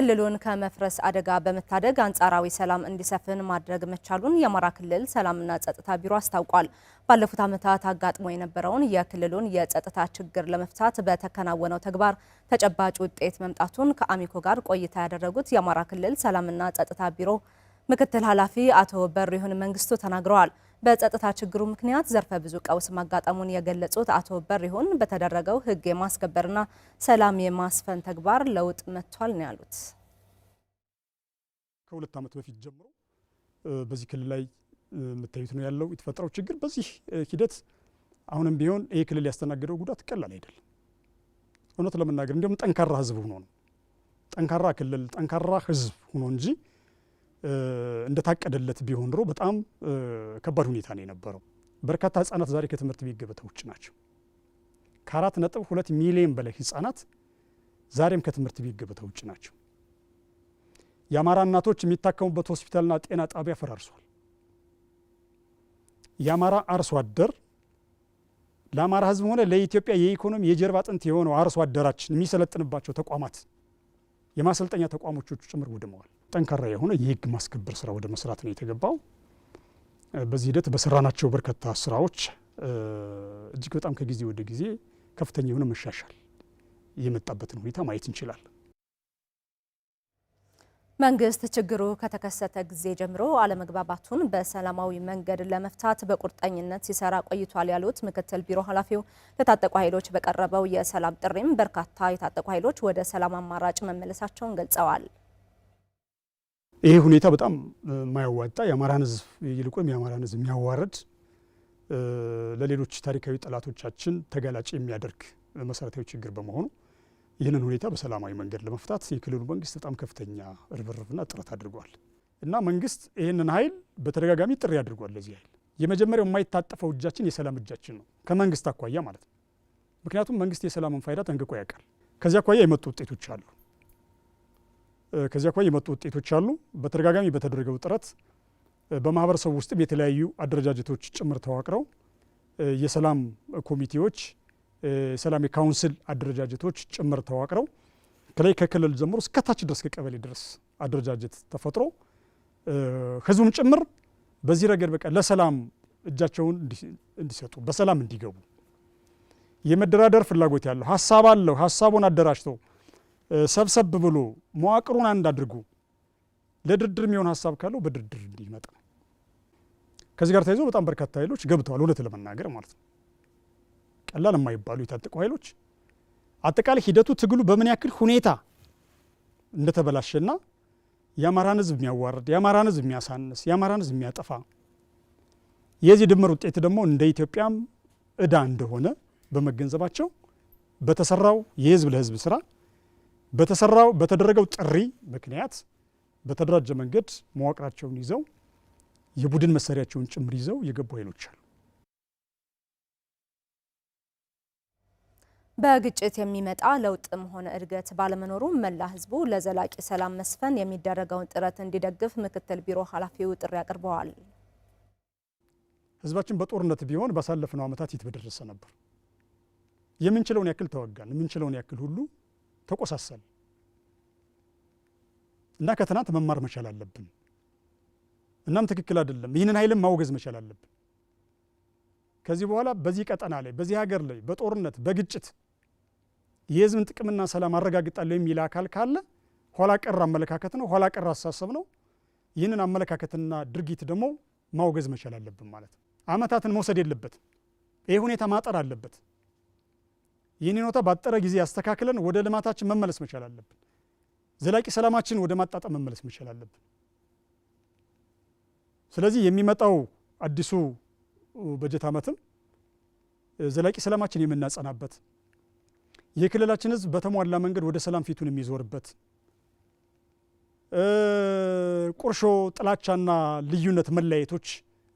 ክልሉን ከመፍረስ አደጋ በመታደግ አንጻራዊ ሰላም እንዲሰፍን ማድረግ መቻሉን የአማራ ክልል ሰላምና ጸጥታ ቢሮ አስታውቋል። ባለፉት ዓመታት አጋጥሞ የነበረውን የክልሉን የጸጥታ ችግር ለመፍታት በተከናወነው ተግባር ተጨባጭ ውጤት መምጣቱን ከአሚኮ ጋር ቆይታ ያደረጉት የአማራ ክልል ሰላምና ጸጥታ ቢሮ ምክትል ኃላፊ አቶ በሪሁን መንግስቱ ተናግረዋል። በጸጥታ ችግሩ ምክንያት ዘርፈ ብዙ ቀውስ ማጋጠሙን የገለጹት አቶ በሪሁን በተደረገው ህግ የማስከበርና ሰላም የማስፈን ተግባር ለውጥ መጥቷል ነው ያሉት። ከሁለት ዓመት በፊት ጀምሮ በዚህ ክልል ላይ የምታዩት ነው ያለው የተፈጠረው ችግር። በዚህ ሂደት አሁንም ቢሆን ይህ ክልል ያስተናገደው ጉዳት ቀላል አይደለም። እውነት ለመናገር እንዲሁም ጠንካራ ህዝብ ሆኖ ነው ጠንካራ ክልል ጠንካራ ህዝብ ሆኖ እንጂ እንደታቀደለት ቢሆን ድሮ በጣም ከባድ ሁኔታ ነው የነበረው። በርካታ ህጻናት ዛሬ ከትምህርት ቤት ገበታ ውጭ ናቸው። ከአራት ነጥብ ሁለት ሚሊዮን በላይ ህጻናት ዛሬም ከትምህርት ቤት ገበታ ውጭ ናቸው። የአማራ እናቶች የሚታከሙበት ሆስፒታልና ጤና ጣቢያ ፈራርሷል። የአማራ አርሶ አደር ለአማራ ህዝብ ሆነ ለኢትዮጵያ የኢኮኖሚ የጀርባ አጥንት የሆነው አርሶ አደራችን የሚሰለጥንባቸው ተቋማት የማሰልጠኛ ተቋሞቹ ጭምር ውድመዋል። ጠንካራ የሆነ የህግ ማስከበር ስራ ወደ መስራት ነው የተገባው። በዚህ ሂደት በሰራናቸው በርካታ ስራዎች እጅግ በጣም ከጊዜ ወደ ጊዜ ከፍተኛ የሆነ መሻሻል የመጣበትን ሁኔታ ማየት እንችላለን። መንግስት ችግሩ ከተከሰተ ጊዜ ጀምሮ አለመግባባቱን በሰላማዊ መንገድ ለመፍታት በቁርጠኝነት ሲሰራ ቆይቷል ያሉት ምክትል ቢሮ ኃላፊው ለታጠቁ ኃይሎች በቀረበው የሰላም ጥሪም በርካታ የታጠቁ ኃይሎች ወደ ሰላም አማራጭ መመለሳቸውን ገልጸዋል። ይሄ ሁኔታ በጣም የማያዋጣ የአማራን ህዝብ ይልቁንም የአማራን ህዝብ የሚያዋረድ ለሌሎች ታሪካዊ ጠላቶቻችን ተጋላጭ የሚያደርግ መሰረታዊ ችግር በመሆኑ ይህንን ሁኔታ በሰላማዊ መንገድ ለመፍታት የክልሉ መንግስት በጣም ከፍተኛ ርብርብና ጥረት አድርጓል እና መንግስት ይህንን ኃይል በተደጋጋሚ ጥሪ አድርጓል። ለዚህ ኃይል የመጀመሪያው የማይታጠፈው እጃችን የሰላም እጃችን ነው፣ ከመንግስት አኳያ ማለት ነው። ምክንያቱም መንግስት የሰላምን ፋይዳ ጠንቅቆ ያውቃል። ከዚህ አኳያ የመጡ ውጤቶች አሉ። ከዚያ አኳያ የመጡ ውጤቶች አሉ። በተደጋጋሚ በተደረገው ጥረት በማህበረሰቡ ውስጥም የተለያዩ አደረጃጀቶች ጭምር ተዋቅረው የሰላም ኮሚቴዎች፣ የሰላም የካውንስል አደረጃጀቶች ጭምር ተዋቅረው ከላይ ከክልል ጀምሮ እስከታች ድረስ ከቀበሌ ድረስ አደረጃጀት ተፈጥሮ ህዝቡም ጭምር በዚህ ረገድ በቃ ለሰላም እጃቸውን እንዲሰጡ በሰላም እንዲገቡ የመደራደር ፍላጎት ያለው ሀሳብ አለው ሀሳቡን አደራጅተው ሰብሰብ ብሎ መዋቅሩን አንድ አድርጎ ለድርድር የሚሆን ሀሳብ ካለው በድርድር እንዲመጣ ከዚህ ጋር ተያይዞ በጣም በርካታ ኃይሎች ገብተዋል። እውነት ለመናገር ማለት ነው ቀላል የማይባሉ የታጠቁ ኃይሎች አጠቃላይ ሂደቱ ትግሉ በምን ያክል ሁኔታ እንደተበላሸና የአማራን ሕዝብ የሚያዋርድ የአማራን ሕዝብ የሚያሳንስ የአማራን ሕዝብ የሚያጠፋ የዚህ ድምር ውጤት ደግሞ እንደ ኢትዮጵያም እዳ እንደሆነ በመገንዘባቸው በተሰራው የህዝብ ለህዝብ ስራ በተሰራው በተደረገው ጥሪ ምክንያት በተደራጀ መንገድ መዋቅራቸውን ይዘው የቡድን መሳሪያቸውን ጭምር ይዘው የገቡ ኃይሎች አሉ። በግጭት የሚመጣ ለውጥም ሆነ እድገት ባለመኖሩ መላ ሕዝቡ ለዘላቂ ሰላም መስፈን የሚደረገውን ጥረት እንዲደግፍ ምክትል ቢሮ ኃላፊው ጥሪ አቅርበዋል። ሕዝባችን በጦርነት ቢሆን ባሳለፍነው ዓመታት የት በደረሰ ነበር? የምንችለውን ያክል ተወጋን። የምንችለውን ያክል ሁሉ ተቆሳሰል እና ከትናንት መማር መቻል አለብን። እናም ትክክል አይደለም። ይህንን ኃይልም ማውገዝ መቻል አለብን። ከዚህ በኋላ በዚህ ቀጠና ላይ በዚህ ሀገር ላይ በጦርነት በግጭት የህዝብን ጥቅምና ሰላም አረጋግጣለሁ የሚል አካል ካለ ኋላ ቀር አመለካከት ነው፣ ኋላ ቀር አሳሰብ ነው። ይህንን አመለካከትና ድርጊት ደግሞ ማውገዝ መቻል አለብን ማለት ነው። አመታትን መውሰድ የለበትም። ይህ ሁኔታ ማጠር አለበት። ይህን ኖታ ባጠረ ጊዜ ያስተካክለን ወደ ልማታችን መመለስ መቻል አለብን። ዘላቂ ሰላማችን ወደ ማጣጣም መመለስ መቻል አለብን። ስለዚህ የሚመጣው አዲሱ በጀት ዓመትም ዘላቂ ሰላማችን የምናጸናበት የክልላችን ሕዝብ በተሟላ መንገድ ወደ ሰላም ፊቱን የሚዞርበት ቁርሾ፣ ጥላቻና ልዩነት መለያየቶች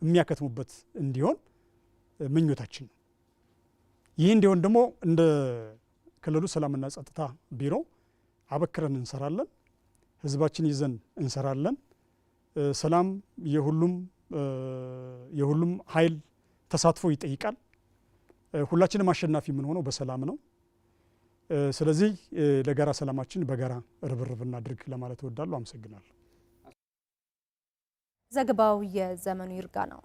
የሚያከትሙበት እንዲሆን ምኞታችን ነው። ይህ እንዲሆን ደግሞ እንደ ክልሉ ሰላምና ጸጥታ ቢሮ አበክረን እንሰራለን። ህዝባችን ይዘን እንሰራለን። ሰላም የሁሉም የሁሉም ኃይል ተሳትፎ ይጠይቃል። ሁላችንም አሸናፊ የምንሆነው በሰላም ነው። ስለዚህ ለጋራ ሰላማችን በጋራ ርብርብ እናድርግ ለማለት እወዳለሁ። አመሰግናለሁ። ዘገባው የዘመኑ ይርጋ ነው።